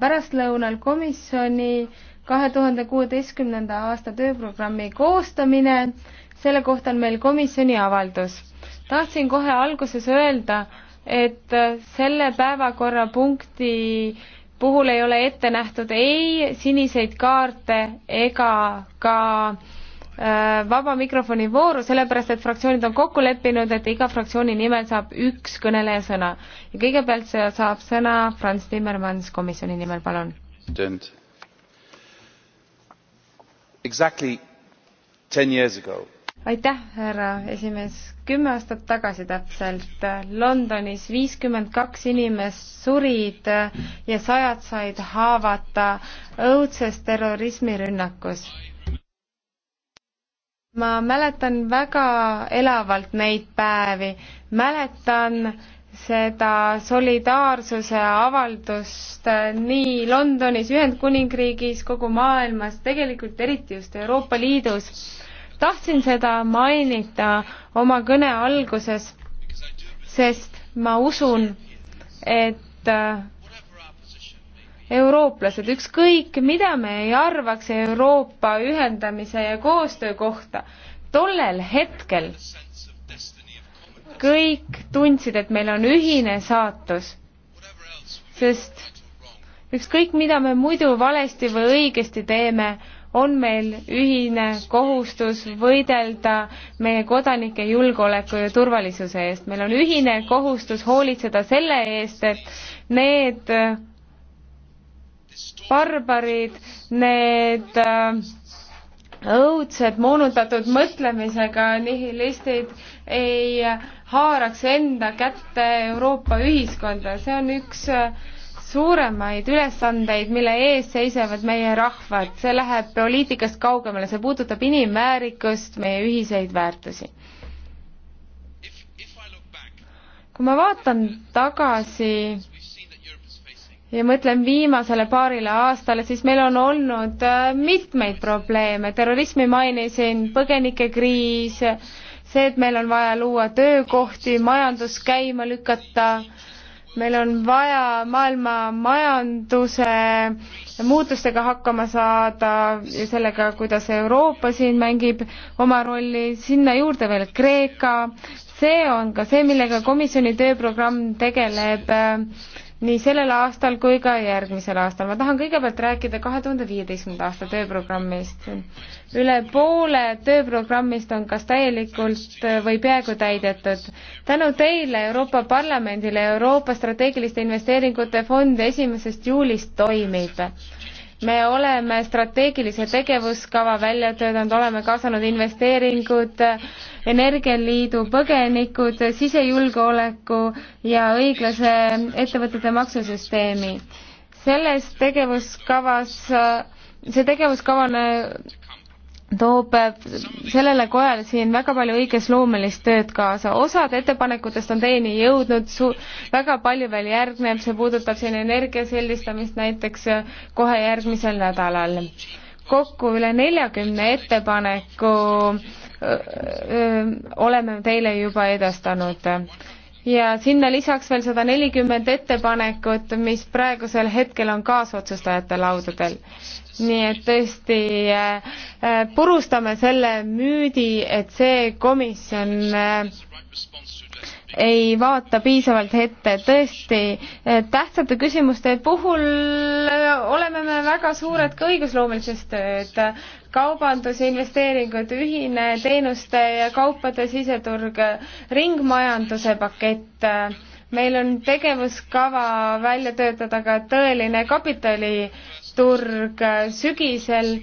pärastlõunal komisjoni kahe tuhande kuueteistkümnenda aasta tööprogrammi koostamine. selle kohta on meil komisjoni avaldus. tahtsin kohe alguses öelda, et selle päevakorrapunkti puhul ei ole ette nähtud ei siniseid kaarte ega ka Äh, vaba mikrofoni vooru, sellepärast et fraktsioonid on kokku leppinud, et iga fraktsiooni nimel saab üks kõneleja sõna. ja kõigepealt saab sõna Franz Timmermans komisjoni nimel, palun. Exactly ten years ago aitäh, härra esimees. kümme aastat tagasi täpselt Londonis viiskümmend kaks inimest surid ja sajad said haavata õudses terrorismirünnakus ma mäletan väga elavalt neid päevi, mäletan seda solidaarsuse avaldust nii Londonis, Ühendkuningriigis, kogu maailmas, tegelikult eriti just Euroopa Liidus. tahtsin seda mainida oma kõne alguses, sest ma usun, et eurooplased, ükskõik mida me ei arvaks Euroopa ühendamise ja koostöö kohta, tollel hetkel kõik tundsid, et meil on ühine saatus, sest ükskõik, mida me muidu valesti või õigesti teeme, on meil ühine kohustus võidelda meie kodanike julgeoleku ja turvalisuse eest. meil on ühine kohustus hoolitseda selle eest, et need barbarid, need äh, õudsed moonutatud mõtlemisega nihilistid ei haaraks enda kätte Euroopa ühiskonda, see on üks äh, suuremaid ülesandeid, mille ees seisavad meie rahvad, see läheb poliitikast kaugemale, see puudutab inimväärikust, meie ühiseid väärtusi. kui ma vaatan tagasi ja mõtlen viimasele paarile aastale, siis meil on olnud äh, mitmeid probleeme, terrorismi mainisin, põgenikekriis, see, et meil on vaja luua töökohti, majandus käima lükata, meil on vaja maailma majanduse muutustega hakkama saada ja sellega, kuidas Euroopa siin mängib oma rolli, sinna juurde veel Kreeka, see on ka see, millega komisjoni tööprogramm tegeleb äh, nii sellel aastal kui ka järgmisel aastal. ma tahan kõigepealt rääkida kahe tuhande viieteistkümnenda aasta tööprogrammist. üle poole tööprogrammist on kas täielikult või peaaegu täidetud. tänu teile, Euroopa Parlamendile, Euroopa strateegiliste investeeringute fond esimesest juulist toimib me oleme strateegilise tegevuskava välja töötanud, oleme kaasanud investeeringud, energialiidu põgenikud, sisejulgeoleku ja õiglase ettevõtete maksusüsteemi. selles tegevuskavas see tegevuskava on toob äh, sellele kojale siin väga palju õigesloomelist tööd kaasa. osad ettepanekutest on teieni jõudnud, väga palju veel järgneb, see puudutab siin energia sildistamist näiteks äh, kohe järgmisel nädalal. kokku üle neljakümne ettepaneku öö, äh, öö, oleme teile juba edastanud ja sinna lisaks veel sada nelikümmend ettepanekut, mis praegusel hetkel on kaasotsustajate laudadel. nii et tõesti äh, äh, purustame selle müüdi, et see komisjon äh, ei vaata piisavalt ette. tõesti, eh, tähtsate küsimuste puhul eh, oleme me väga suured ka õigusloomelises tööd. kaubandus, investeeringud, ühine teenuste ja kaupade siseturg, ringmajanduse pakett meil on tegevuskava välja töötada ka tõeline kapitaliturg sügisel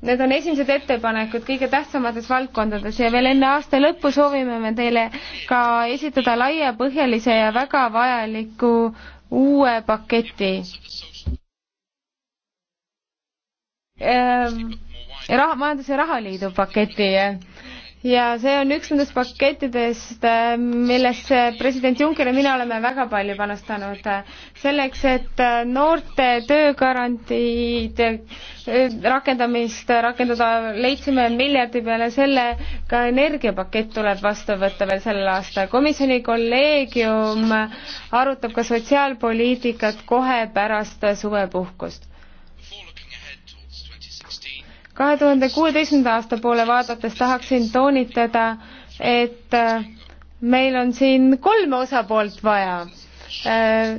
Need on esimesed ettepanekud kõige tähtsamates valdkondades ja veel enne aasta lõppu soovime me teile ka esitada laiapõhjalise ja väga vajaliku uue paketi. Ehm, raha, majandus- ja rahaliidu paketi ja see on üks nendest pakettidest, äh, millesse äh, president Juncker ja mina oleme väga palju panustanud. selleks, et äh, noorte töögarantiid rakendamist rakendada, leidsime miljardi peale selle, ka energiapakett tuleb vastu võtta veel sel aastal. komisjoni kolleegium arutab ka sotsiaalpoliitikat kohe pärast suvepuhkust kahe tuhande kuueteistkümnenda aasta poole vaadates tahaksin toonitada, et äh, meil on siin kolme osapoolt vaja. Äh,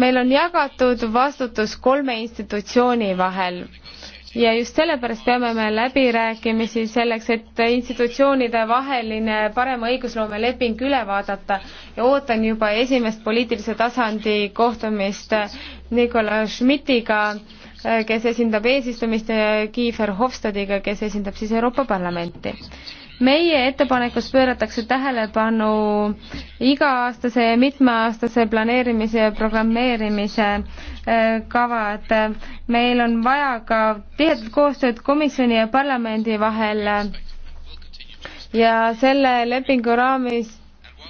meil on jagatud vastutus kolme institutsiooni vahel ja just sellepärast peame me läbirääkimisi selleks, et institutsioonide vaheline parema õigusloome leping üle vaadata ja ootan juba esimest poliitilise tasandi kohtumist Nicolas Schmidtiga Äh, kes esindab eesistumist ja äh, Kiefer Hofstadiga, kes esindab siis Euroopa Parlamenti. meie ettepanekus pööratakse tähelepanu iga-aastase ja mitmeaastase planeerimise ja programmeerimise äh, kavad. meil on vaja ka tihedat koostööd komisjoni ja parlamendi vahel ja selle lepingu raamis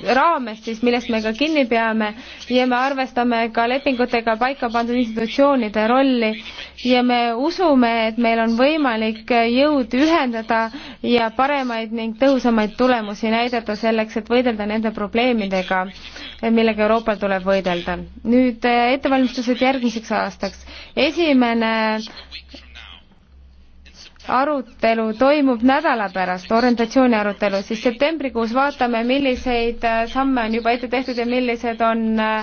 raamest siis, millest me ka kinni peame ja me arvestame ka lepingutega paika pandud institutsioonide rolli ja me usume, et meil on võimalik jõud ühendada ja paremaid ning tõhusamaid tulemusi näidata selleks, et võidelda nende probleemidega, millega Euroopal tuleb võidelda. nüüd äh, ettevalmistused järgmiseks aastaks. esimene arutelu toimub nädala pärast, orientatsiooni arutelu, siis septembrikuus vaatame, milliseid äh, samme on juba ette tehtud ja millised on äh,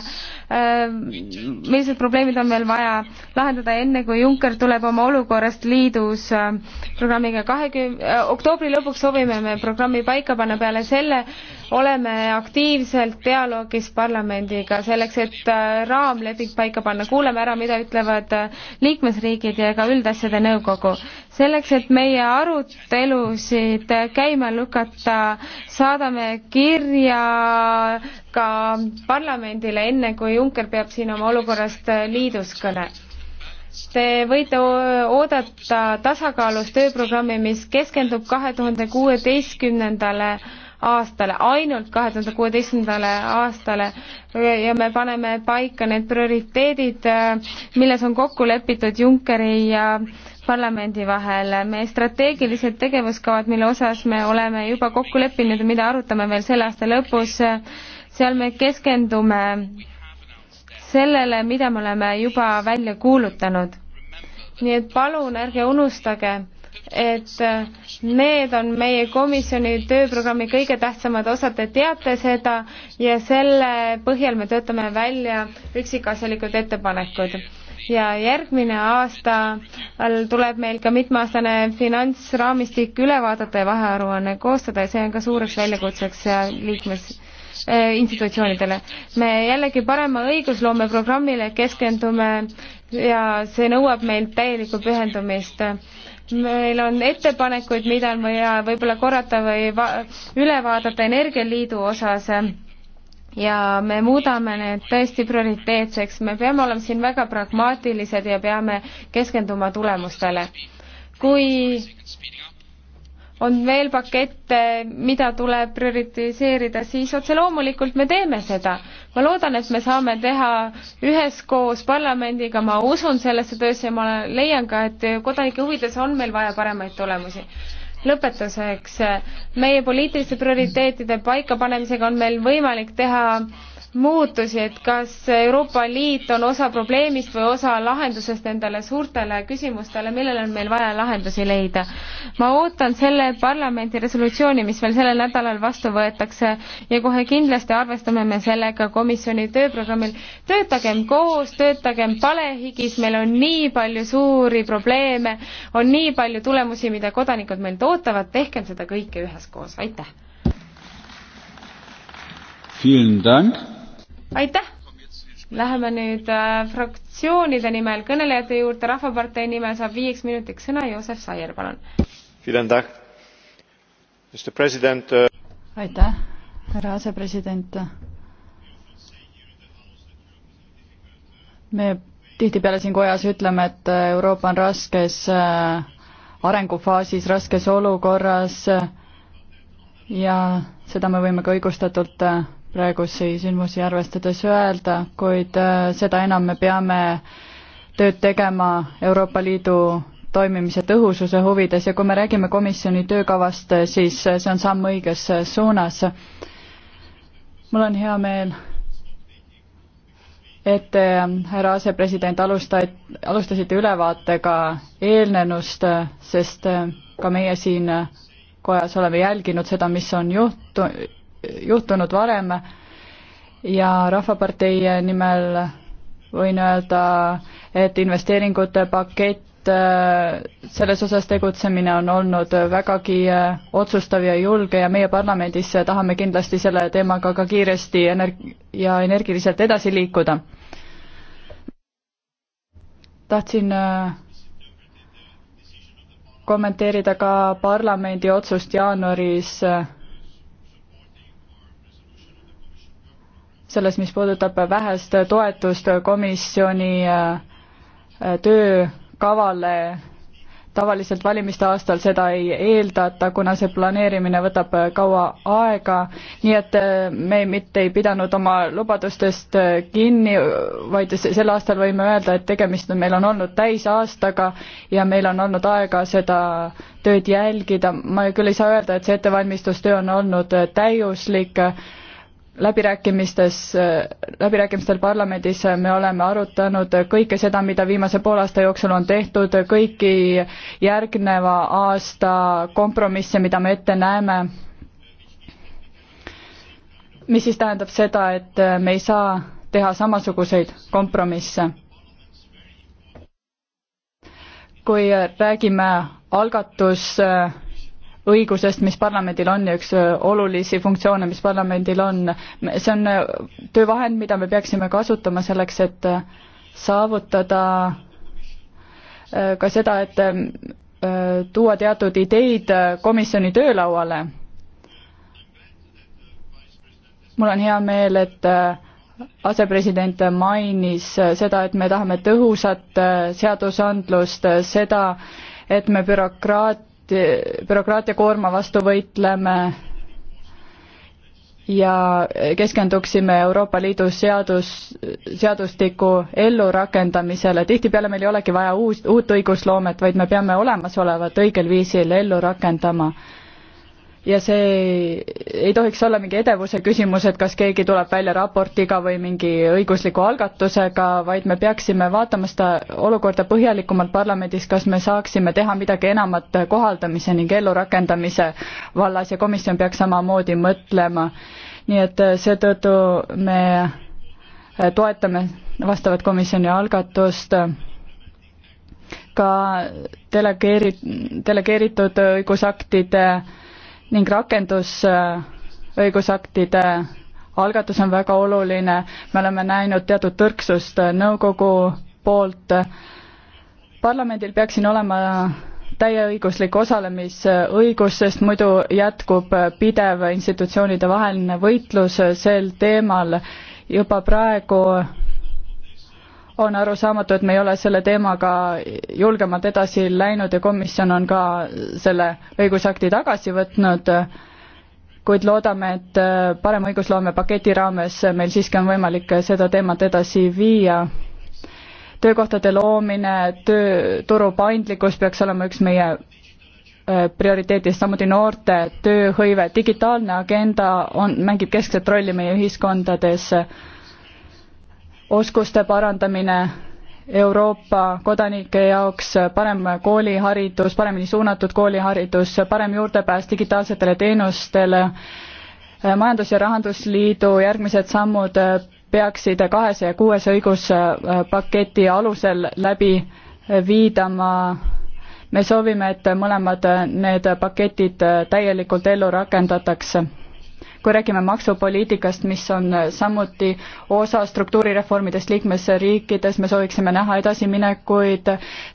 äh, millised probleemid on veel vaja lahendada, enne kui Juncker tuleb oma olukorrast liidus programmiga kahekümne, oktoobri lõpuks soovime me programmi paika panna peale selle, oleme aktiivselt dialoogis parlamendiga selleks, et äh, raamleping paika panna, kuulame ära, mida ütlevad äh, liikmesriigid ja ka üldasjade nõukogu. selleks, et meie arutelusid äh, käima lükata, saadame kirja ka parlamendile, enne kui Juncker peab siin oma olukorrast liidus kõne Te võite oodata tasakaalus tööprogrammi, mis keskendub kahe tuhande kuueteistkümnendale aastale, ainult kahe tuhande kuueteistkümnendale aastale ja me paneme paika need prioriteedid, milles on kokku lepitud Junckeri ja parlamendi vahel. meie strateegilised tegevuskavad, mille osas me oleme juba kokku leppinud ja mida arutame veel selle aasta lõpus, seal me keskendume sellele, mida me oleme juba välja kuulutanud. nii et palun ärge unustage, et äh, need on meie komisjoni tööprogrammi kõige tähtsamad osad, te teate seda ja selle põhjal me töötame välja üksikasjalikud ettepanekud. ja järgmine aasta tuleb meil ka mitmeaastane finantsraamistik üle vaadata ja vahearuanne koostada ja see on ka suureks väljakutseks liikmes äh, institutsioonidele. me jällegi parema õigusloome programmile keskendume ja see nõuab meilt täielikku pühendumist meil on ettepanekuid, mida on vaja võib-olla korrata või va-, üle vaadata Energialiidu osas ja me muudame need tõesti prioriteetseks, me peame olema siin väga pragmaatilised ja peame keskenduma tulemustele. kui on veel pakette, mida tuleb prioritiseerida, siis otse loomulikult me teeme seda. ma loodan, et me saame teha üheskoos parlamendiga, ma usun sellesse töösse ja ma leian ka, et kodanike huvides on meil vaja paremaid tulemusi lõpetuseks, meie poliitiliste prioriteetide paikapanemisega on meil võimalik teha muutusi, et kas Euroopa Liit on osa probleemist või osa lahendusest nendele suurtele küsimustele, millele on meil vaja lahendusi leida. ma ootan selle parlamendi resolutsiooni, mis veel sellel nädalal vastu võetakse ja kohe kindlasti arvestame me sellega komisjoni tööprogrammil. töötagem koos, töötagem palehigis, meil on nii palju suuri probleeme, on nii palju tulemusi, mida kodanikud meilt ootavad, tehkem seda kõike üheskoos, aitäh! Vielen Dank aitäh! Läheme nüüd äh, fraktsioonide nimel kõnelejate juurde, Rahvapartei nimel saab viieks minutiks sõna Joosep Saier, palun. Äh, aitäh, härra asepresident. me tihtipeale siin kojas ütleme, et Euroopa on raskes äh, arengufaasis, raskes olukorras ja seda me võime ka õigustatult praegusi sündmusi arvestades öelda, kuid äh, seda enam me peame tööd tegema Euroopa Liidu toimimise tõhususe huvides ja kui me räägime komisjoni töökavast, siis äh, see on samm õiges äh, suunas. mul on hea meel, et te, härra asepresident, alustat-, alustasite ülevaatega eelnenust, sest ka meie siin kojas oleme jälginud seda, mis on juhtu-, juhtunud varem ja Rahvapartei nimel võin öelda, et investeeringute pakett, äh, selles osas tegutsemine on olnud vägagi äh, otsustav ja julge ja meie parlamendis tahame kindlasti selle teemaga ka kiiresti energ- ja energiliselt edasi liikuda. tahtsin äh, kommenteerida ka parlamendi otsust jaanuaris selles, mis puudutab vähest toetust komisjoni äh, töökavale tavaliselt valimiste aastal seda ei eeldata, kuna see planeerimine võtab äh, kaua aega, nii et äh, me mitte ei pidanud oma lubadustest kinni, vaid sel aastal võime öelda, et tegemist on, meil on olnud täisaastaga ja meil on olnud aega seda tööd jälgida, ma küll ei saa öelda, et see ettevalmistustöö on olnud täiuslik, läbirääkimistes, läbirääkimistel parlamendis me oleme arutanud kõike seda, mida viimase poole aasta jooksul on tehtud, kõiki järgneva aasta kompromisse, mida me ette näeme, mis siis tähendab seda, et me ei saa teha samasuguseid kompromisse. kui räägime algatus äh, õigusest, mis parlamendil on ja üks äh, olulisi funktsioone, mis parlamendil on. see on äh, töövahend, mida me peaksime kasutama selleks, et äh, saavutada ka seda, et tuua teatud ideid komisjoni töölauale. mul on hea meel, et asepresident mainis seda, et me tahame tõhusat seadusandlust, seda, et me bürokraat-, bürokraatia koorma vastu võitleme ja keskenduksime Euroopa Liidu seadus, seadustiku ellurakendamisele. tihtipeale meil ei olegi vaja uus, uut õigusloomet, vaid me peame olemasolevat õigel viisil ellu rakendama ja see ei tohiks olla mingi edevuse küsimus, et kas keegi tuleb välja raportiga või mingi õigusliku algatusega, vaid me peaksime vaatama seda olukorda põhjalikumalt parlamendis, kas me saaksime teha midagi enamat kohaldamise ning ellurakendamise vallas ja komisjon peaks samamoodi mõtlema. nii et seetõttu me toetame vastavat komisjoni algatust ka delegeeri-, delegeeritud õigusaktide ning rakendusõigusaktide algatus on väga oluline, me oleme näinud teatud tõrksust nõukogu poolt, parlamendil peaks siin olema täieõiguslik osalemisõigus, sest muidu jätkub pidev institutsioonide vaheline võitlus sel teemal. juba praegu on arusaamatu, et me ei ole selle teemaga julgemalt edasi läinud ja komisjon on ka selle õigusakti tagasi võtnud, kuid loodame, et parema õigusloome paketi raames meil siiski on võimalik seda teemat edasi viia. töökohtade loomine, tööturu paindlikkus peaks olema üks meie äh, prioriteetidest, samuti noorte tööhõive, digitaalne agenda on, mängib keskset rolli meie ühiskondades oskuste parandamine Euroopa kodanike jaoks, parem kooliharidus, paremini suunatud kooliharidus, parem juurdepääs digitaalsetele teenustele, majandus- ja rahandusliidu järgmised sammud peaksid kahesaja kuues õiguspaketi alusel läbi viidama me soovime, et mõlemad need paketid täielikult ellu rakendatakse kui räägime maksupoliitikast, mis on samuti osa struktuurireformidest liikmesriikides, me sooviksime näha edasiminekuid,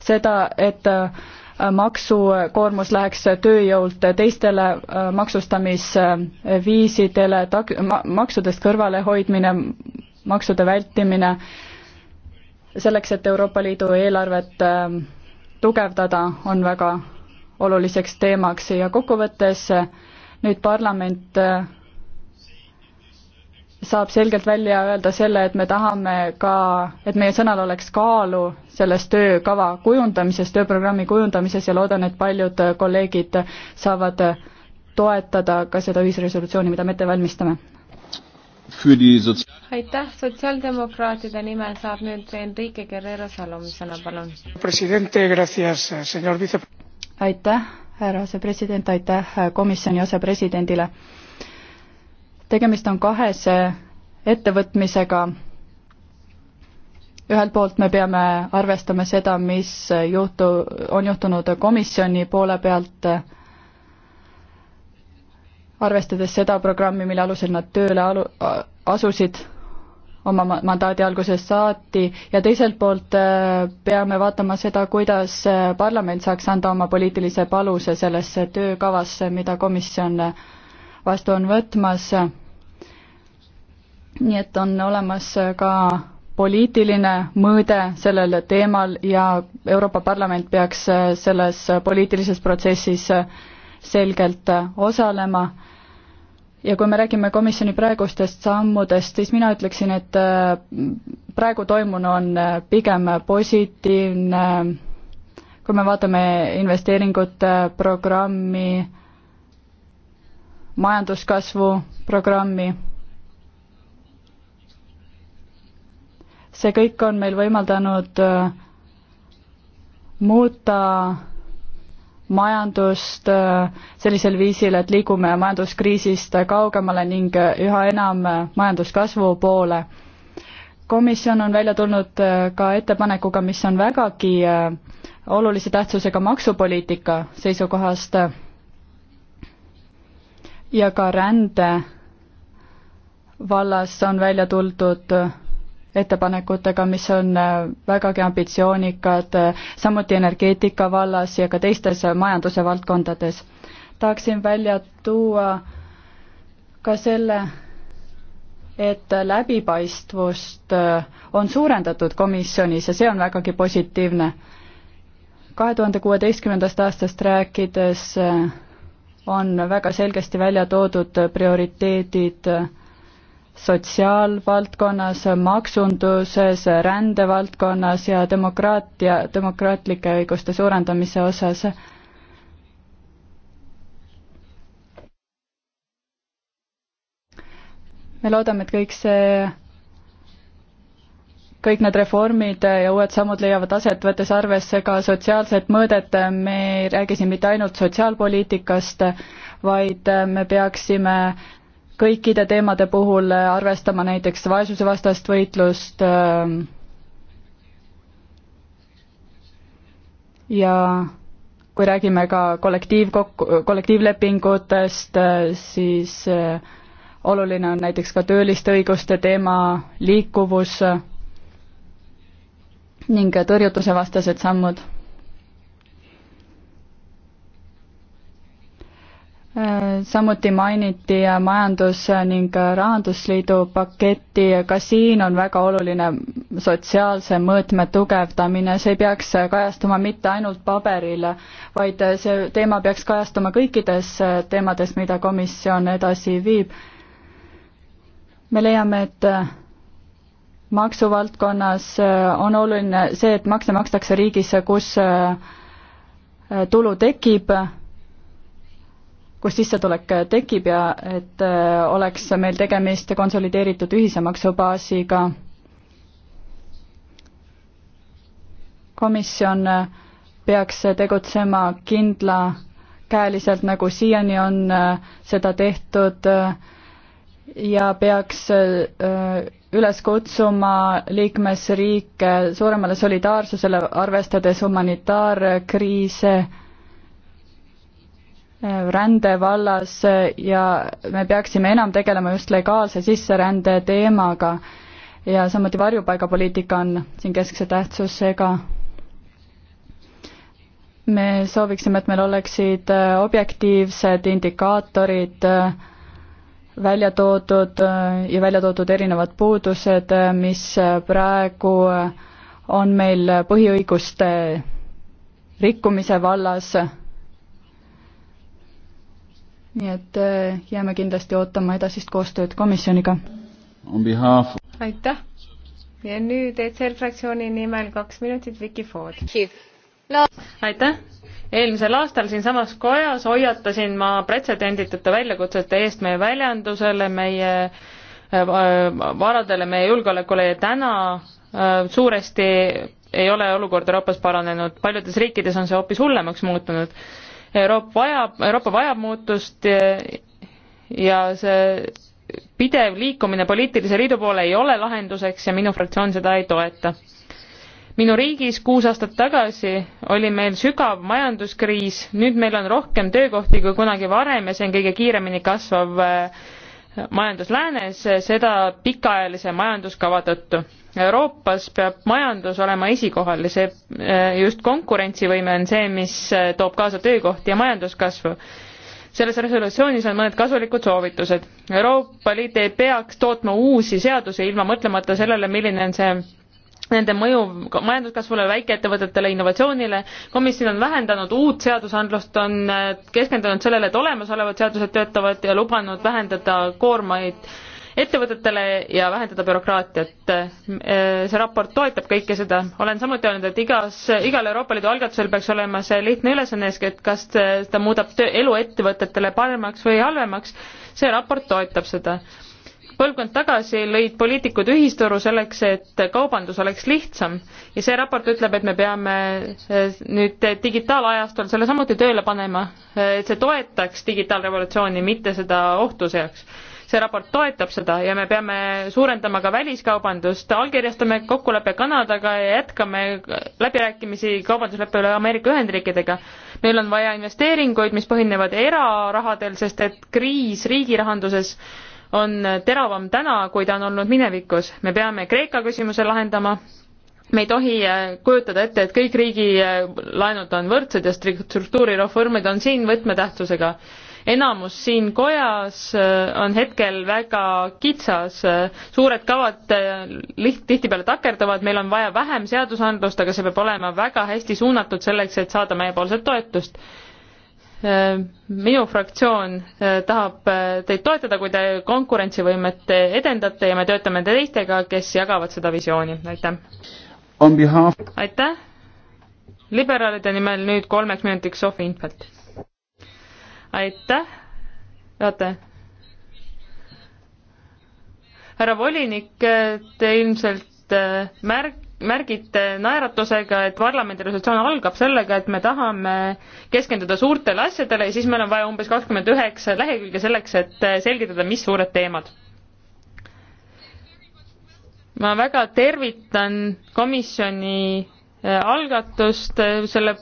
seda, et äh, maksukoormus läheks tööjõult teistele äh, maksustamisviisidele, tag-, ma-, maksudest kõrvalehoidmine, maksude vältimine, selleks, et Euroopa Liidu eelarvet äh, tugevdada, on väga oluliseks teemaks ja kokkuvõttes nüüd parlament saab selgelt välja öelda selle, et me tahame ka, et meie sõnal oleks kaalu selles töökava kujundamises, tööprogrammi kujundamises ja loodan, et paljud kolleegid saavad toetada ka seda ühisresolutsiooni, mida me ette valmistame. aitäh, sotsiaaldemokraatide nimel saab nüüd Enrique Guerrero Salom sõna, palun. aitäh, härra asepresident, aitäh komisjoni asepresidendile tegemist on kahese eh, ettevõtmisega. ühelt poolt me peame arvestama seda, mis eh, juhtu-, on juhtunud komisjoni poole pealt, eh, arvestades seda programmi, mille alusel nad tööle alu-, asusid oma mandaadi algusest saati ja teiselt poolt peame vaatama seda, kuidas parlament saaks anda oma poliitilise paluse sellesse töökavasse, mida komisjon vastu on võtmas nii et on olemas äh, ka poliitiline mõõde sellel teemal ja Euroopa Parlament peaks äh, selles poliitilises protsessis äh, selgelt osalema. ja kui me räägime komisjoni praegustest sammudest, siis mina ütleksin, et praegu toimunu on pigem positiivne, kui me vaatame investeeringute programmi, majanduskasvu programmi see kõik on meil võimaldanud äh, muuta majandust äh, sellisel viisil, et liigume majanduskriisist kaugemale ning äh, üha enam majanduskasvu poole. komisjon on välja tulnud ka ettepanekuga, mis on vägagi olulise tähtsusega maksupoliitika seisukohast ja ka rände vallas on välja tuldud ettepanekutega, mis on äh, vägagi ambitsioonikad, äh, samuti energeetika vallas ja ka teistes äh, majanduse valdkondades. tahaksin välja tuua ka selle, et läbipaistvust on suurendatud komisjonis ja see on vägagi positiivne. kahe tuhande kuueteistkümnendast aastast rääkides on väga selgesti välja toodud prioriteedid sotsiaalvaldkonnas, maksunduses, rändevaldkonnas ja demokraatia, demokraatlike õiguste suurendamise osas. me loodame, et kõik see, kõik need reformid ja uued sammud leiavad aset, võttes arvesse ka sotsiaalset mõõdet, me ei räägi siin mitte ainult sotsiaalpoliitikast, vaid me peaksime kõikide teemade puhul äh, arvestama näiteks vaesusevastast võitlust ähm, ja kui räägime ka kollektiivkokku, kollektiivlepingutest, äh, siis äh, oluline on näiteks ka tööliste õiguste teema, liikuvus ning tõrjutuse vastased sammud samuti mainiti Majandus- ning Rahandusliidu paketti, ka siin on väga oluline sotsiaalse mõõtme tugevdamine, see ei peaks kajastuma mitte ainult paberil, vaid see teema peaks kajastuma kõikides teemades, mida komisjon edasi viib. me leiame, et maksuvaldkonnas on oluline see, et makse makstakse riigis, kus tulu tekib kus sissetulek äh, tekib ja et äh, oleks meil tegemist konsolideeritud ühise maksubaasiga. komisjon äh, peaks tegutsema kindlakäeliselt, nagu siiani on seda tehtud ja peaks üles kutsuma liikmesriike suuremale solidaarsusele, arvestades humanitaarkriise rände vallas ja me peaksime enam tegelema just legaalse sisserände teemaga ja samuti varjupaigapoliitika on siin keskse tähtsusega. me sooviksime, et meil oleksid äh, objektiivsed indikaatorid äh, välja toodud äh, ja välja toodud erinevad puudused, mis praegu on meil põhiõiguste rikkumise vallas nii et eh, jääme kindlasti ootama edasist koostööd komisjoniga. Behalf... aitäh ja nüüd ECR fraktsiooni nimel kaks minutit, Vicky Ford. No. aitäh! eelmisel aastal siinsamas kojas hoiatasin ma pretsedenditute väljakutsete eest meie väljandusele, meie eh, eh, varadele, meie julgeolekule ja täna suuresti ei ole olukord Euroopas paranenud, paljudes riikides on see hoopis hullemaks muutunud Euroopa vajab, Euroopa vajab muutust ja, ja see pidev liikumine poliitilise liidu poole ei ole lahenduseks ja minu fraktsioon seda ei toeta. minu riigis kuus aastat tagasi oli meil sügav majanduskriis, nüüd meil on rohkem töökohti kui kunagi varem ja see on kõige kiiremini kasvav äh, majandus läänes, seda pikaajalise majanduskava tõttu Euroopas peab majandus olema esikohal ja see eh, just konkurentsivõime on see, mis eh, toob kaasa töökohti ja majanduskasvu. selles resolutsioonis on mõned kasulikud soovitused. Euroopa Liit ei peaks tootma uusi seadusi ilma mõtlemata sellele, milline on see nende mõju majanduskasvule, väikeettevõtetele, innovatsioonile. komisjon on vähendanud uut seadusandlust, on eh, keskendunud sellele, et olemasolevad seadused töötavad ja lubanud vähendada koormaid ettevõtetele ja vähendada bürokraatiat. see raport toetab kõike seda. olen samuti öelnud, et igas, igal Euroopa Liidu algatusel peaks olema see lihtne ülesanne, et kas ta muudab töö, elu ettevõtetele paremaks või halvemaks. see raport toetab seda põlvkond tagasi lõid poliitikud ühisturu selleks, et kaubandus oleks lihtsam ja see raport ütleb, et me peame eh, nüüd digitaalajastul selle samuti tööle panema, eh, et see toetaks digitaalrevolutsiooni, mitte seda ohtu seaks see raport toetab seda ja me peame suurendama ka väliskaubandust, allkirjastame kokkuleppe Kanadaga ja jätkame läbirääkimisi kaubandusleppe üle Ameerika Ühendriikidega. meil on vaja investeeringuid, mis põhinevad erarahadel, sest et kriis riigi rahanduses on teravam täna, kui ta on olnud minevikus. me peame Kreeka küsimuse lahendama, me ei tohi äh, kujutada ette, et kõik riigi laenud on võrdsed ja struktuurireformid on siin võtmetähtsusega enamus siin kojas äh, on hetkel väga kitsas, äh, suured kavad äh, liht-, tihtipeale takerduvad, meil on vaja vähem seadusandlust, aga see peab olema väga hästi suunatud selleks, et saada meiepoolset toetust minu fraktsioon tahab teid toetada, kui te konkurentsivõimet edendate ja me töötame teistega, kes jagavad seda visiooni, aitäh. Behalf... aitäh. liberaalide nimel nüüd kolmeks minutiks Sofi Infeld aitäh, vaata. härra volinik, te ilmselt äh, märk-, märgite naeratusega, et parlamendi resolutsioon algab sellega, et me tahame keskenduda suurtele asjadele ja siis meil on vaja umbes kakskümmend üheksa lehekülge selleks, et äh, selgitada, mis suured teemad. ma väga tervitan komisjoni äh, algatust, selle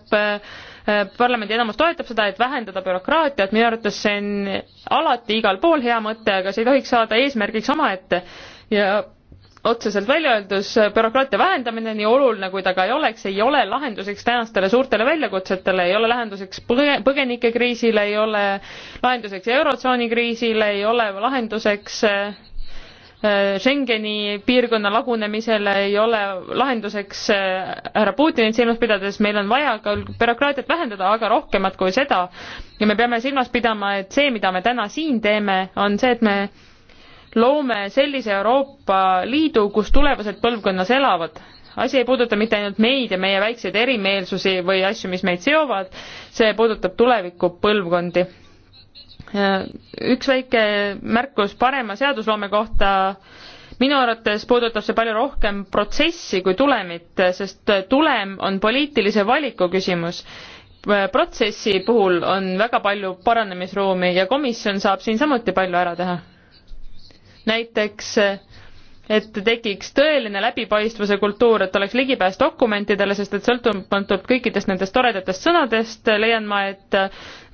Äh, parlamendi enamus toetab seda, et vähendada bürokraatiat, minu arvates see on alati igal pool hea mõte, aga see ei tohiks saada eesmärgiks omaette ja otseselt välja öeldes äh, bürokraatia vähendamine, nii oluline kui ta ka ei oleks, ei ole lahenduseks tänastele suurtele väljakutsetele, ei ole lahenduseks põge-, põgenikekriisile, ei ole lahenduseks eurotsooni kriisile, ei ole lahenduseks äh, Äh, Schengeni piirkonna lagunemisele ei ole lahenduseks äh, härra Putinit silmas pidades, meil on vaja ka bürokraatiat vähendada, aga rohkemat kui seda. ja me peame silmas pidama, et see, mida me täna siin teeme, on see, et me loome sellise Euroopa Liidu, kus tulevased põlvkonnas elavad asi ei puuduta mitte ainult meid ja meie väikseid erimeelsusi või asju, mis meid seovad, see puudutab tuleviku põlvkondi üks väike märkus parema seadusloome kohta. minu arvates puudutab see palju rohkem protsessi kui tulemit, sest tulem on poliitilise valiku küsimus. protsessi puhul on väga palju paranemisruumi ja komisjon saab siin samuti palju ära teha. näiteks et tekiks tõeline läbipaistvuse kultuur, et oleks ligipääs dokumentidele, sest et sõltumatult kõikidest nendest toredatest sõnadest leian ma, et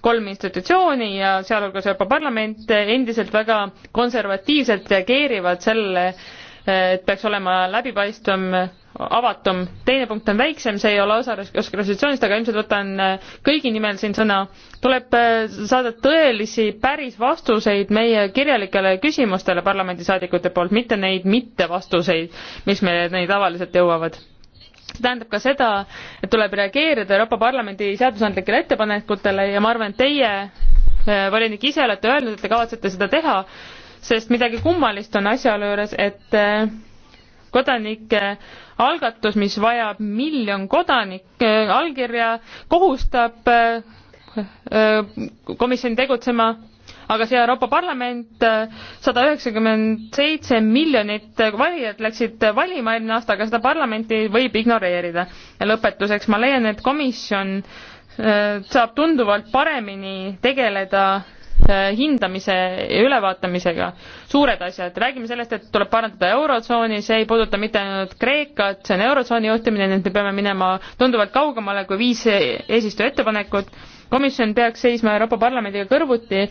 kolm institutsiooni ja sealhulgas Euroopa Parlament endiselt väga konservatiivselt reageerivad sellele, et peaks olema läbipaistvam, avatum. teine punkt on väiksem, see ei ole osa resolutsioonist, aga ilmselt võtan kõigi nimel siin sõna. tuleb äh, saada tõelisi, päris vastuseid meie kirjalikele küsimustele parlamendisaadikute poolt, mitte neid mittevastuseid, mis meile neid tavaliselt jõuavad see tähendab ka seda, et tuleb reageerida Euroopa Parlamendi seadusandlikele ettepanekutele ja ma arvan, et teie, äh, volinik ise olete öelnud, et te kavatsete seda teha, sest midagi kummalist on asjaolu juures, et äh, kodanike algatus, mis vajab miljon kodanike äh, allkirja, kohustab komisjoni tegutsema aga see Euroopa Parlament, äh, sada üheksakümmend seitse miljonit äh, valijat läksid äh, valima eelmine aasta, aga seda parlamenti võib ignoreerida. ja lõpetuseks ma leian, et komisjon saab tunduvalt paremini tegeleda hindamise ja ülevaatamisega. suured asjad, räägime sellest, et tuleb parandada Eurotsooni, see ei puuduta mitte ainult Kreekat, see on Eurotsooni juhtimine, nii et me peame minema tunduvalt kaugemale kui viis eesistuja ettepanekut. komisjon peaks seisma Euroopa Parlamendiga kõrvuti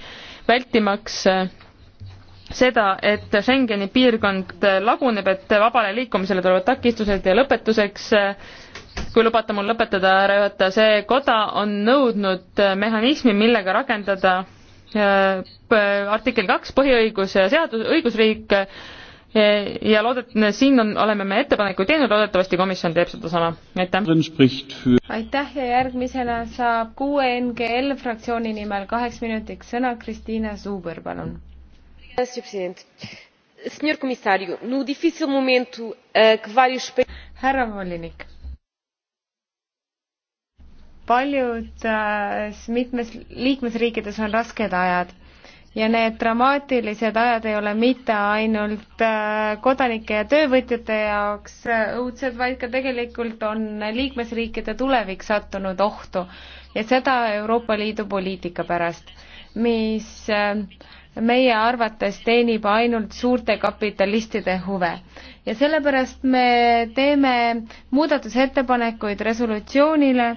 vältimaks äh, seda, et Schengeni piirkond äh, laguneb, et vabale liikumisele tulevad takistused ja lõpetuseks äh, kui lubate mul lõpetada, härra juhataja, see koda on nõudnud mehhanismi, millega rakendada artikkel kaks põhiõigus ja seadus, õigusriik ja loodet-, siin on, oleme me ettepanekuid teinud, loodetavasti komisjon teeb sedasama, aitäh. aitäh ja järgmisena saab kuue NGL fraktsiooni nimel kaheks minutiks sõna Kristiina Suuber, palun. Eh, härra volinik paljud äh, mitmes liikmesriikides on rasked ajad ja need dramaatilised ajad ei ole mitte ainult äh, kodanike ja töövõtjate jaoks äh, õudsed, vaid ka tegelikult on liikmesriikide tulevik sattunud ohtu ja seda Euroopa Liidu poliitika pärast, mis äh, meie arvates teenib ainult suurte kapitalistide huve. ja sellepärast me teeme muudatusettepanekuid resolutsioonile,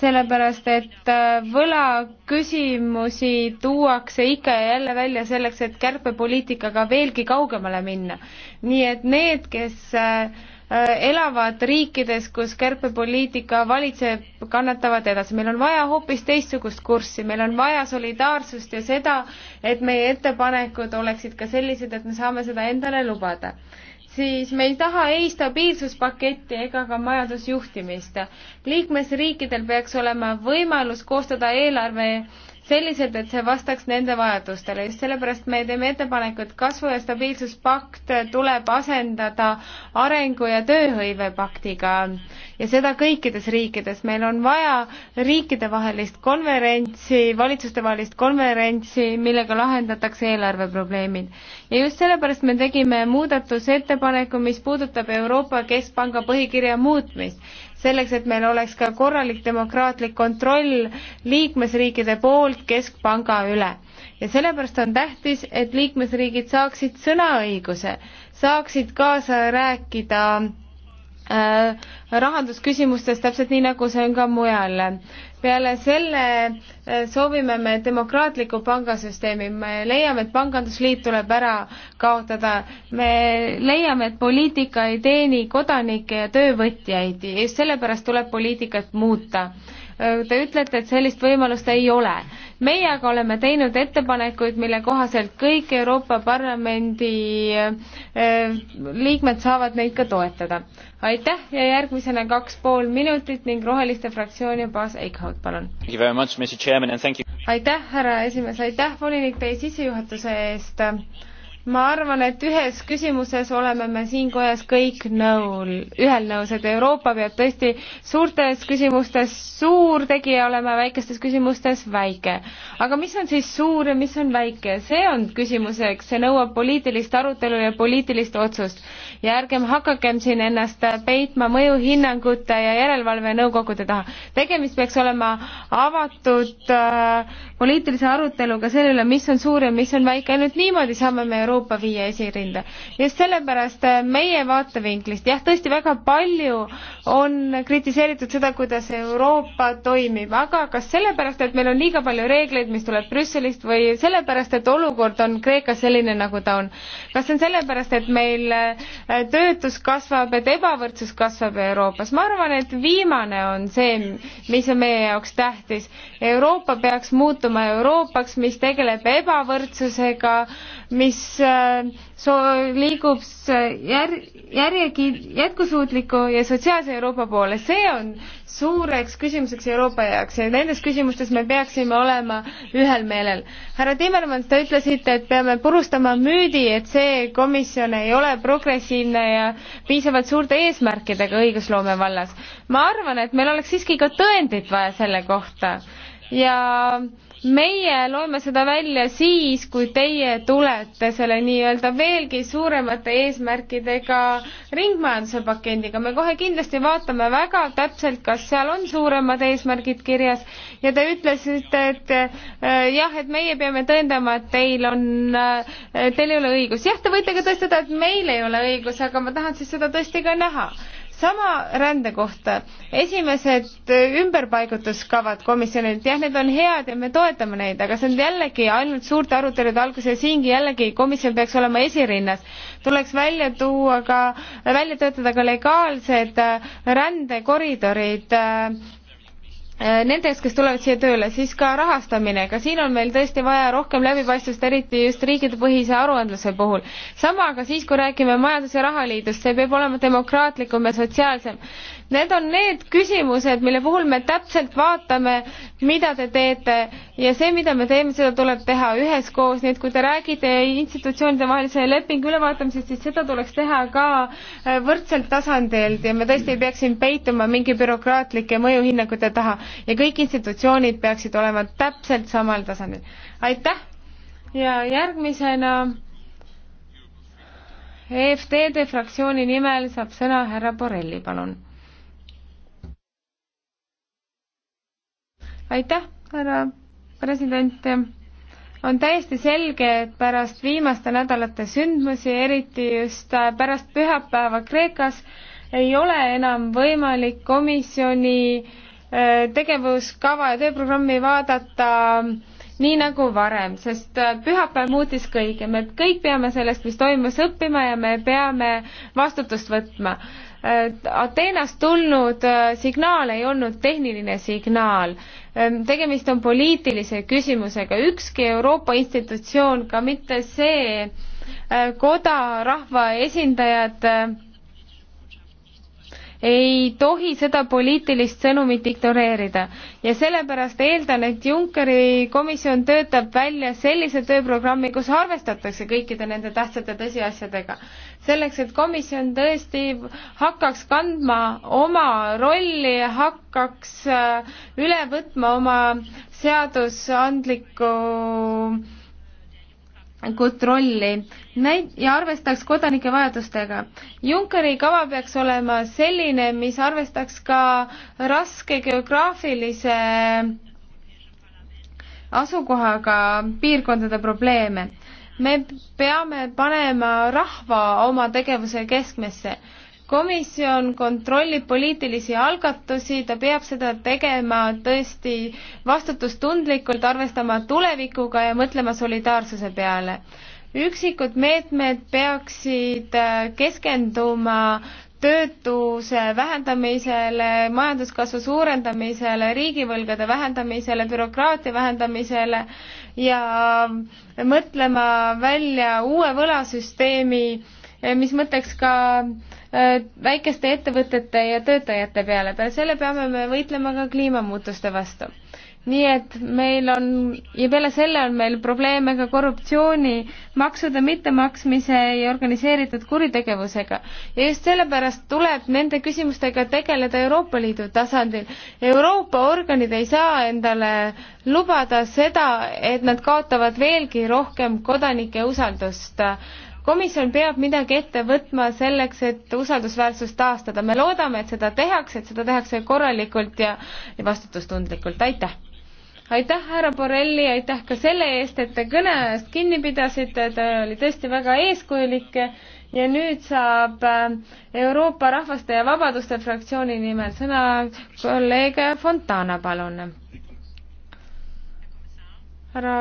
sellepärast et äh, võlaküsimusi tuuakse ikka ja jälle välja selleks, et kärpepoliitikaga veelgi kaugemale minna. nii et need, kes äh, äh, elavad riikides, kus kärpepoliitika valitseb, kannatavad edasi. meil on vaja hoopis teistsugust kurssi, meil on vaja solidaarsust ja seda, et meie ettepanekud oleksid ka sellised, et me saame seda endale lubada siis me ei taha ei stabiilsuspaketti ega ka majandusjuhtimist. liikmesriikidel peaks olema võimalus koostada eelarve selliselt, et see vastaks nende vajadustele. just sellepärast me teeme ettepaneku, et kasvu- ja stabiilsuspakt tuleb asendada arengu- ja tööhõivepaktiga ja seda kõikides riikides. meil on vaja riikidevahelist konverentsi, valitsustevahelist konverentsi, millega lahendatakse eelarveprobleemid. ja just sellepärast me tegime muudatusettepaneku, mis puudutab Euroopa Keskpanga põhikirja muutmist selleks, et meil oleks ka korralik demokraatlik kontroll liikmesriikide poolt, ainult keskpanga üle. ja sellepärast on tähtis, et liikmesriigid saaksid sõnaõiguse, saaksid kaasa rääkida äh, rahandusküsimustes täpselt nii, nagu see on ka mujal. peale selle äh, soovime me demokraatlikku pangasüsteemi, me leiame, et pangandusliit tuleb ära kaotada, me leiame, et poliitika ei teeni kodanikke ja töövõtjaid ja just sellepärast tuleb poliitikat muuta Äh, te ütlete, et sellist võimalust ei ole. meie aga oleme teinud ettepanekuid, mille kohaselt kõik Euroopa Parlamendi äh, liikmed saavad neid ka toetada. aitäh ja järgmisena kaks pool minutit ning Roheliste fraktsiooni baas Eichhout, palun. aitäh, härra esimees, aitäh, volinik, teie sissejuhatuse eest ma arvan, et ühes küsimuses oleme me siin kojas kõik nõul, ühel nõus, et Euroopa peab tõesti suurtes küsimustes suur tegija olema, väikestes küsimustes väike. aga mis on siis suur ja mis on väike, see on küsimuseks, see nõuab poliitilist arutelu ja poliitilist otsust. ja ärgem hakakem siin ennast peitma mõjuhinnangute ja järelevalvenõukogude taha. tegemist peaks olema avatud äh, poliitilise aruteluga selle üle, mis on suur ja mis on väike, ainult niimoodi saame me Euroopa Euroopa viie esirinde. just sellepärast äh, meie vaatevinklist, jah, tõesti väga palju on kritiseeritud seda, kuidas Euroopa toimib, aga kas sellepärast, et meil on liiga palju reegleid, mis tuleb Brüsselist või sellepärast, et olukord on Kreekas selline, nagu ta on? kas see on sellepärast, et meil äh, töötus kasvab, et ebavõrdsus kasvab Euroopas? ma arvan, et viimane on see, mis on meie jaoks tähtis. Euroopa peaks muutuma Euroopaks, mis tegeleb ebavõrdsusega, mis äh, so-, liigub jär-, järjegi jätkusuutliku ja sotsiaalse Euroopa poole, see on suureks küsimuseks Euroopa jaoks ja nendes küsimustes me peaksime olema ühel meelel. härra Timmermans, te ütlesite, et peame purustama müüdi, et see komisjon ei ole progressiivne ja piisavalt suurte eesmärkidega õigusloome vallas. ma arvan, et meil oleks siiski ka tõendit vaja selle kohta ja äh, meie loeme seda välja siis, kui teie tulete selle nii-öelda veelgi suuremate eesmärkidega ringmajanduse pakendiga. me kohe kindlasti vaatame väga täpselt, kas seal on suuremad eesmärgid kirjas ja te ütlesite, et äh, jah, et meie peame tõendama, et teil on äh,, teil ei ole õigus. jah, te võite ka tõestada, et meil ei ole õigus, aga ma tahan siis seda tõesti ka näha sama rände kohta, esimesed ümberpaigutuskavad komisjonilt, jah, need on head ja me toetame neid, aga see on jällegi ainult suurte arutelude algus ja siingi jällegi komisjon peaks olema esirinnas. tuleks välja tuua ka, välja töötada ka legaalsed äh, rändekoridorid äh, Äh, nendeks, kes tulevad siia tööle, siis ka rahastamine, ka siin on meil tõesti vaja rohkem läbipaistvust, eriti just riigipõhise aruandluse puhul. sama ka siis, kui räägime majandus- ja rahaliidust, see peab olema demokraatlikum ja sotsiaalsem. Need on need küsimused, mille puhul me täpselt vaatame, mida te teete ja see, mida me teeme, seda tuleb teha üheskoos, nii et kui te räägite institutsioonide vahelise lepingu ülevaatamisest, siis seda tuleks teha ka äh, võrdselt tasandilt ja me tõesti ei peaks siin peituma mingi bürokraatlike mõjuhinnangute taha ja kõik institutsioonid peaksid olema täpselt samal tasandil. aitäh ja järgmisena EFTD fraktsiooni nimel saab sõna härra Borrelli, palun aitäh, härra president. on täiesti selge, et pärast viimaste nädalate sündmusi, eriti just pärast pühapäeva Kreekas, ei ole enam võimalik komisjoni äh, tegevuskava ja tööprogrammi vaadata nii nagu varem, sest äh, pühapäev muutis kõige, me kõik peame sellest, mis toimus, õppima ja me peame vastutust võtma Äh, Ateenast tulnud äh, signaal ei olnud tehniline signaal. Ähm, tegemist on poliitilise küsimusega, ükski Euroopa institutsioon, ka mitte see äh, koda, rahvaesindajad ei tohi seda poliitilist sõnumit ignoreerida. ja sellepärast eeldan, et Junckeri komisjon töötab välja sellise tööprogrammi, kus arvestatakse kõikide nende tähtsate tõsiasjadega. selleks, et komisjon tõesti hakkaks kandma oma rolli, hakkaks äh, üle võtma oma seadusandlikku kontrolli näit- ja arvestaks kodanike vajadustega. Junckeri kava peaks olema selline, mis arvestaks ka raske geograafilise asukohaga piirkondade probleeme. me peame panema rahva oma tegevuse keskmesse komisjon kontrollib poliitilisi algatusi, ta peab seda tegema tõesti vastutustundlikult, arvestama tulevikuga ja mõtlema solidaarsuse peale. üksikud meetmed peaksid äh, keskenduma töötuse vähendamisele, majanduskasvu suurendamisele, riigivõlgade vähendamisele, bürokraatia vähendamisele ja mõtlema välja uue võlasüsteemi, mis mõtleks ka äh, Äh, väikeste ettevõtete ja töötajate peale. peale selle peame me võitlema ka kliimamuutuste vastu. nii et meil on ja peale selle on meil probleeme ka korruptsiooni, maksude mittemaksmise ja organiseeritud kuritegevusega. ja just sellepärast tuleb nende küsimustega tegeleda Euroopa Liidu tasandil. Euroopa organid ei saa endale lubada seda, et nad kaotavad veelgi rohkem kodanike usaldust äh, komisjon peab midagi ette võtma selleks, et usaldusväärsust taastada. me loodame, et seda tehakse, et seda tehakse korralikult ja, ja vastutustundlikult. aitäh! aitäh, härra Borrelli, aitäh ka selle eest, et te kõne eest kinni pidasite, ta oli tõesti väga eeskujulik ja nüüd saab äh, Euroopa Rahvaste ja Vabaduste fraktsiooni nimel sõna kolleeg Fontana, palun. härra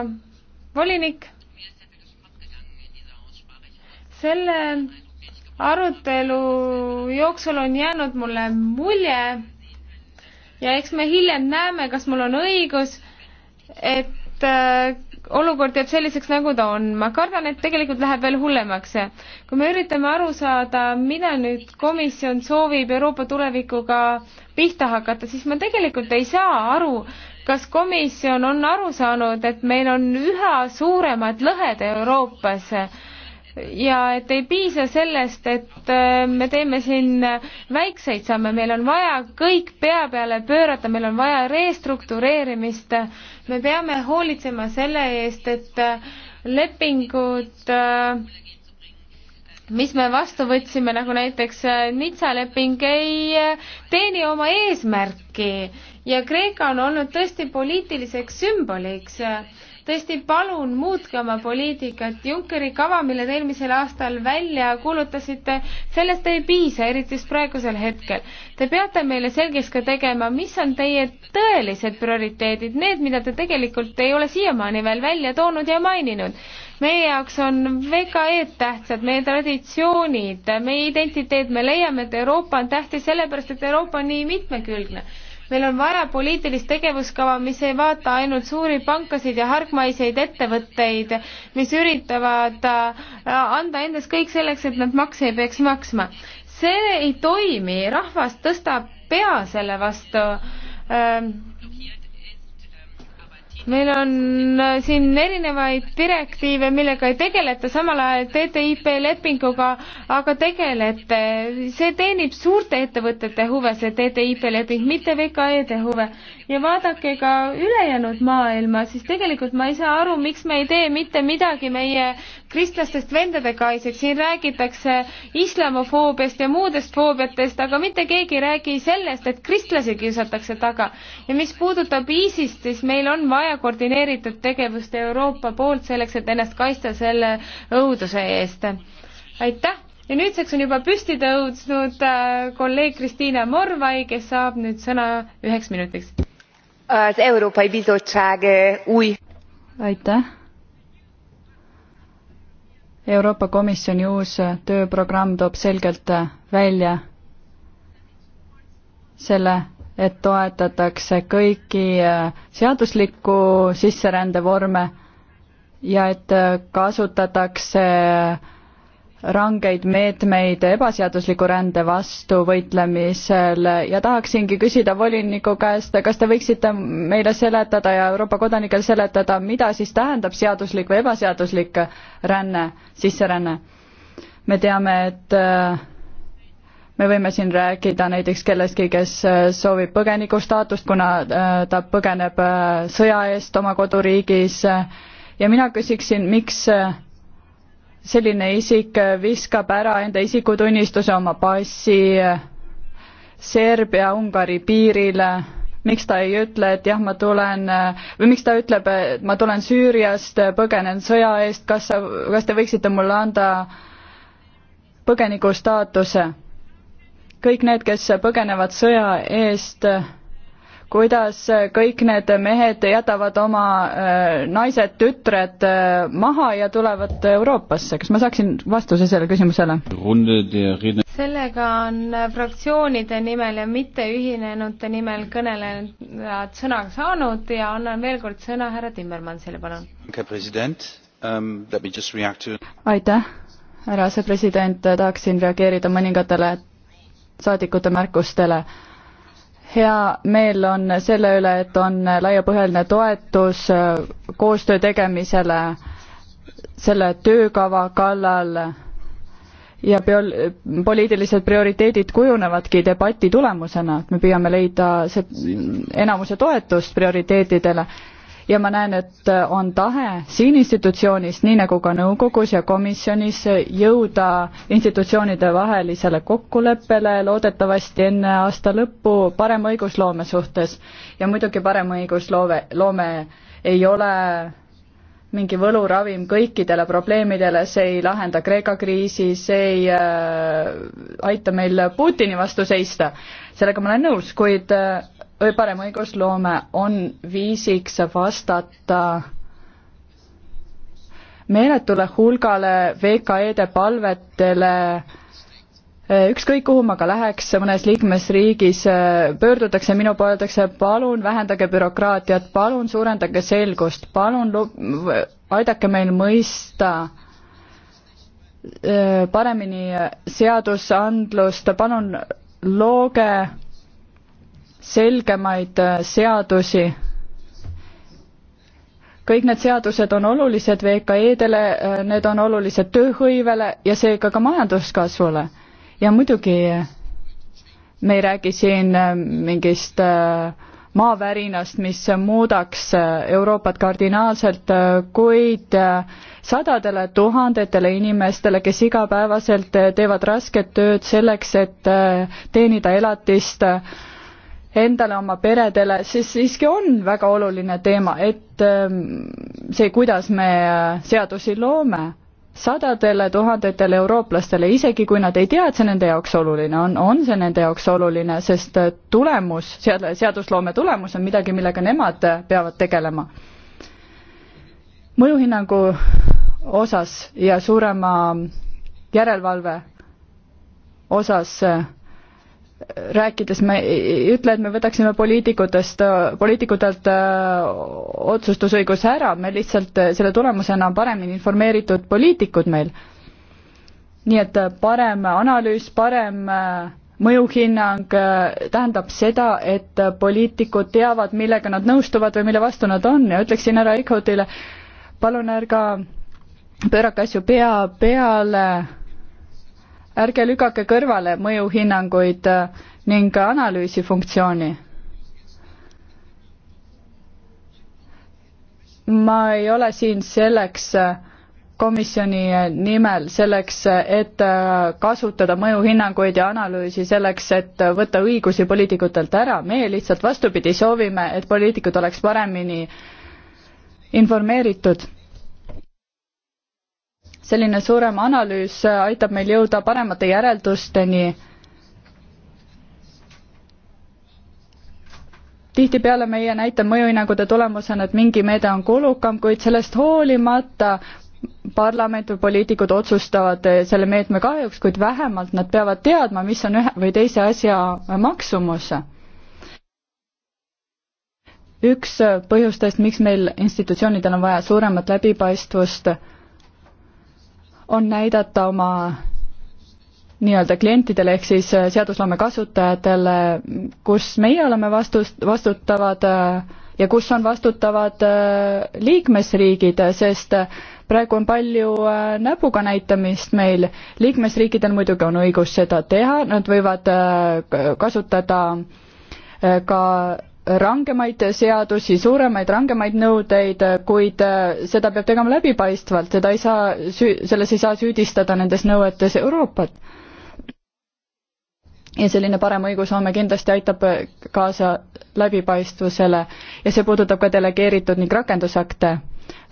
volinik selle arutelu jooksul on jäänud mulle mulje ja eks me hiljem näeme, kas mul on õigus, et äh, olukord jääb selliseks, nagu ta on. ma kardan, et tegelikult läheb veel hullemaks. kui me üritame aru saada, mida nüüd komisjon soovib Euroopa tulevikuga pihta hakata, siis ma tegelikult ei saa aru, kas komisjon on aru saanud, et meil on üha suuremad lõhed Euroopas ja et ei piisa sellest, et äh, me teeme siin väikseid samme, meil on vaja kõik pea peale pöörata, meil on vaja restruktureerimist, me peame hoolitsema selle eest, et äh, lepingud äh, mis me vastu võtsime, nagu näiteks Nitsa leping ei teeni oma eesmärki ja Kreeka on olnud tõesti poliitiliseks sümboliks tõesti, palun muutke oma poliitikat. Junckeri kava, mille te eelmisel aastal välja kuulutasite, sellest ei piisa, eriti just praegusel hetkel. Te peate meile selgeks ka tegema, mis on teie tõelised prioriteedid, need, mida te tegelikult ei ole siiamaani veel välja toonud ja maininud meie jaoks on VKE-d tähtsad, meie traditsioonid, meie identiteet, me leiame, et Euroopa on tähtis sellepärast, et Euroopa on nii mitmekülgne meil on vaja poliitilist tegevuskava, mis ei vaata ainult suuri pankasid ja hargmaiseid ettevõtteid, mis üritavad äh, anda endast kõik selleks, et nad makse ei peaks maksma. see ei toimi, rahvas tõstab pea selle vastu ähm, meil on äh, siin erinevaid direktiive, millega ei tegeleta, samal ajal TTIP lepinguga aga tegelete. see teenib suurte ettevõtete huve, see TTIP leping, mitte VKE-de huve. ja vaadake ka ülejäänud maailma, siis tegelikult ma ei saa aru, miks me ei tee mitte midagi meie kristlastest vendade kaitseks, siin räägitakse islamofoobiast ja muudest foobiatest, aga mitte keegi ei räägi sellest, et kristlasi kiusatakse taga. ja mis puudutab ISIS-t, siis meil on vaja koordineeritud tegevust Euroopa poolt selleks, et ennast kaitsta selle õuduse eest. aitäh! ja nüüdseks on juba püsti tõusnud äh, kolleeg Kristiina Morvai, kes saab nüüd sõna üheks minutiks. az Európai Bizottság äh, új aitäh Euroopa Komisjoni uus tööprogramm toob selgelt välja selle, et toetatakse kõiki seadusliku sisserände vorme ja et kasutatakse äh, rangeid meetmeid ebaseadusliku rände vastu võitlemisel ja tahaksingi küsida voliniku käest, kas te võiksite meile seletada ja Euroopa kodanikel seletada, mida siis tähendab seaduslik või ebaseaduslik ränne, sisseränne? me teame, et äh, me võime siin rääkida näiteks kellestki, kes äh, soovib põgenikustaatust, kuna äh, ta põgeneb sõja eest oma koduriigis ja mina küsiksin, miks selline isik viskab ära enda isikutunnistuse, oma passi Serbia-Ungari piirile, miks ta ei ütle, et jah, ma tulen, või miks ta ütleb, et ma tulen Süüriast, põgenen sõja eest, kas sa, kas te võiksite mulle anda põgeniku staatuse? kõik need, kes põgenevad sõja eest, kuidas kõik need mehed jätavad oma äh, naised, tütred äh, maha ja tulevad Euroopasse. kas ma saaksin vastuse sellele küsimusele? sellega on fraktsioonide nimel ja mitteühinenute nimel kõnelejad sõna saanud ja annan veel kord sõna härra Timmermansile, palun. Ähm, aitäh, härra asepresident, tahaksin reageerida mõningatele saadikute märkustele hea meel on selle üle, et on laiapõhjaline toetus äh, koostöö tegemisele selle töökava kallal ja peol-, poliitilised prioriteedid kujunevadki debati tulemusena, et me püüame leida see enamuse toetust prioriteetidele ja ma näen, et äh, on tahe siin institutsioonis, nii nagu ka nõukogus ja komisjonis, jõuda institutsioonide vahelisele kokkuleppele loodetavasti enne aasta lõppu parema õigusloome suhtes. ja muidugi parem õigusloome, loome ei ole mingi võluravim kõikidele probleemidele, see ei lahenda Kreeka kriisi, see ei äh, aita meil Putini vastu seista. sellega ma olen nõus, kuid äh, või parem õigusloome on viisiks vastata meeletule hulgale VKE-de palvetele ükskõik kuhu ma ka läheks, mõnes liikmesriigis äh, pöördutakse minu poole, öeldakse palun vähendage bürokraatiat, palun suurendage selgust, palun aidake meil mõista äh, paremini seadusandlust, palun looge selgemaid äh, seadusi. kõik need seadused on olulised VKE-dele, äh, need on olulised tööhõivele ja seega ka majanduskasvule. ja muidugi äh, me ei räägi siin mingist maavärinast, mis muudaks Euroopat kardinaalselt, kuid sadadele tuhandetele inimestele, kes igapäevaselt teevad rasket tööd selleks, et teenida elatist, endale, oma peredele, siis siiski on väga oluline teema, et ähm, see, kuidas me äh, seadusi loome sadadele tuhandetele eurooplastele, isegi kui nad ei tea, et see nende jaoks oluline on, on see nende jaoks oluline, sest äh, tulemus, sead-, seadusloome tulemus on midagi, millega nemad äh, peavad tegelema. mõjuhinnangu osas ja suurema järelevalve osas rääkides me ei ütle, et me võtaksime poliitikutest, poliitikutelt äh, otsustusõiguse ära, me lihtsalt äh, selle tulemusena paremini informeeritud poliitikud meil. nii et äh, parem analüüs, parem mõjuhinnang tähendab seda, et poliitikud teavad, millega nad nõustuvad või mille vastu nad on ja ütleksin härra Eichhoutile, palun ärga pöörake asju pea peale ärge lükake kõrvale mõjuhinnanguid äh, ning äh, analüüsifunktsiooni. ma ei ole siin selleks äh, komisjoni nimel, selleks et kasutada mõjuhinnanguid ja analüüsi selleks, et võtta õigusi poliitikutelt ära, meie lihtsalt vastupidi, soovime, et poliitikud oleks paremini informeeritud selline suurem analüüs aitab meil jõuda paremate järeldusteni. tihtipeale meie näite mõjuhinnangute tulemusena, et mingi meede on kulukam, kuid sellest hoolimata parlament või poliitikud otsustavad selle meetme kahjuks, kuid vähemalt nad peavad teadma, mis on ühe või teise asja maksumus üks põhjustest, miks meil institutsioonidel on vaja suuremat läbipaistvust, on näidata oma nii-öelda klientidele ehk siis äh, seadusloome kasutajatele, kus meie oleme vastus, vastutavad äh, ja kus on vastutavad äh, liikmesriigid, sest praegu on palju näpuga näitamist meil. liikmesriikidel muidugi on õigus seda teha, nad võivad kasutada ka rangemaid seadusi, suuremaid rangemaid nõudeid, kuid äh, seda peab tegema läbipaistvalt, seda ei saa, selles ei saa süüdistada nendes nõuetes Euroopat. ja selline parem õigusloome kindlasti aitab kaasa läbipaistvusele ja see puudutab ka delegeeritud ning rakendusakte.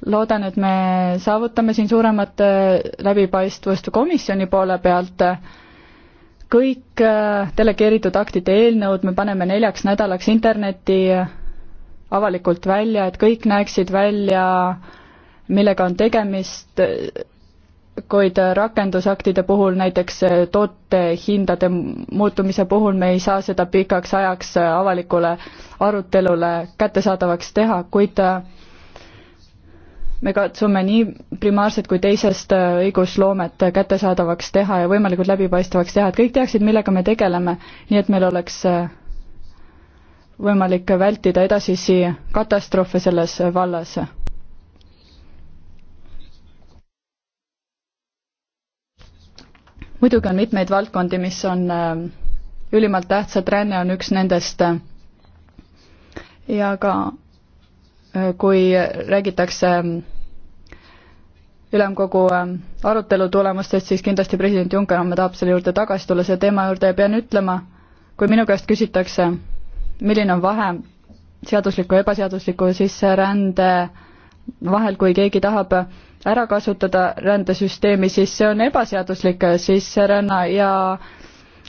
loodan, et me saavutame siin suuremat äh, läbipaistvust komisjoni poole pealt kõik äh, delegeeritud aktide eelnõud me paneme neljaks nädalaks internetti äh, avalikult välja, et kõik näeksid välja, millega on tegemist, äh, kuid rakendusaktide puhul, näiteks tootehindade muutumise puhul me ei saa seda pikaks ajaks avalikule arutelule kättesaadavaks teha, kuid me katsume nii primaarset kui teisest äh, õigusloomet kättesaadavaks teha ja võimalikult läbipaistvaks teha, et kõik teaksid, millega me tegeleme, nii et meil oleks äh, võimalik vältida edasisi katastroofe selles äh, vallas. muidugi on mitmeid valdkondi, mis on ülimalt tähtsad, ränne on üks nendest ja ka kui räägitakse ülemkogu arutelu tulemustest, siis kindlasti president Juncker homme tahab selle juurde tagasi tulla, selle teema juurde ja pean ütlema, kui minu käest küsitakse, milline on vahe seadusliku ja ebaseadusliku sisserände vahel, kui keegi tahab ära kasutada rändesüsteemi, siis see on ebaseaduslik sisseränna ja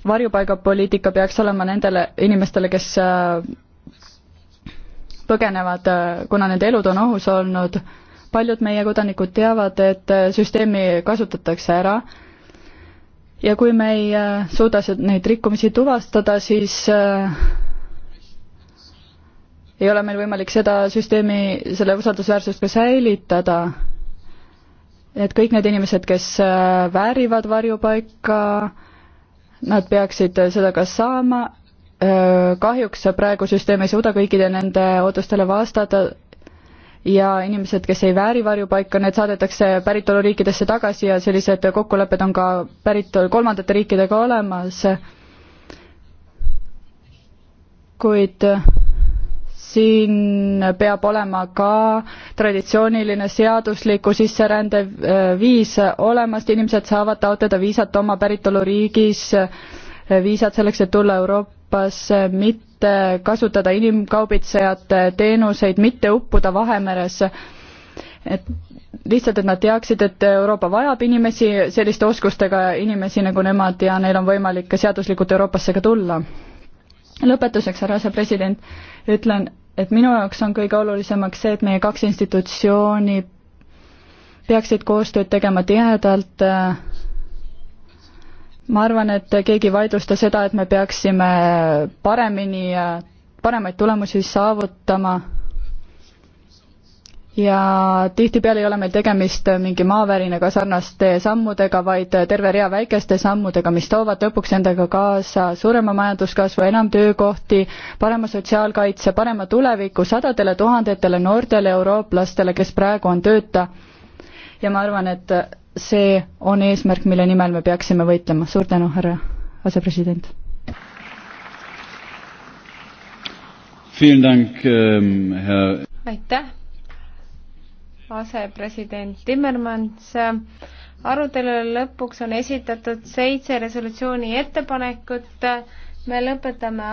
varjupaigapoliitika peaks olema nendele inimestele, kes põgenevad, äh, kuna nende elud on ohus olnud. paljud meie kodanikud teavad, et äh, süsteemi kasutatakse ära ja kui me ei äh, suuda neid rikkumisi tuvastada, siis ei ole meil võimalik seda süsteemi, selle usaldusväärsust ka säilitada. et kõik need inimesed, kes väärivad varjupaika, nad peaksid seda ka saama kahjuks praegu süsteem ei suuda kõigile nende ootustele vastata ja inimesed, kes ei vääri varjupaika, need saadetakse päritoluriikidesse tagasi ja sellised kokkulepped on ka päritolu, kolmandate riikidega olemas. kuid siin peab olema ka traditsiooniline seadusliku sisserände viis olemas, inimesed saavad taotleda viisat oma päritoluriigis, viisat selleks, et tulla Euroopa Euroopas, äh, mitte kasutada inimkaubitsejate teenuseid, mitte uppuda Vahemeresse. et lihtsalt, et nad teaksid, et Euroopa vajab inimesi, selliste oskustega inimesi nagu nemad ja neil on võimalik ka seaduslikult Euroopasse ka tulla. lõpetuseks, härra asepresident, ütlen, et minu jaoks on kõige olulisemaks see, et meie kaks institutsiooni peaksid koostööd tegema tihedalt äh, ma arvan, et keegi ei vaidlusta seda, et me peaksime paremini, paremaid tulemusi saavutama ja tihtipeale ei ole meil tegemist mingi maavärinaga sarnaste sammudega, vaid terve rea väikeste sammudega, mis toovad lõpuks endaga kaasa suurema majanduskasvu, enam töökohti, parema sotsiaalkaitse, parema tuleviku sadadele tuhandetele noortele eurooplastele, kes praegu on tööta. ja ma arvan, et see on eesmärk, mille nimel me peaksime võitlema. suur tänu, härra asepresident. Ähm, aitäh, asepresident Timmermans. arutelule lõpuks on esitatud seitse resolutsiooni ettepanekut. me lõpetame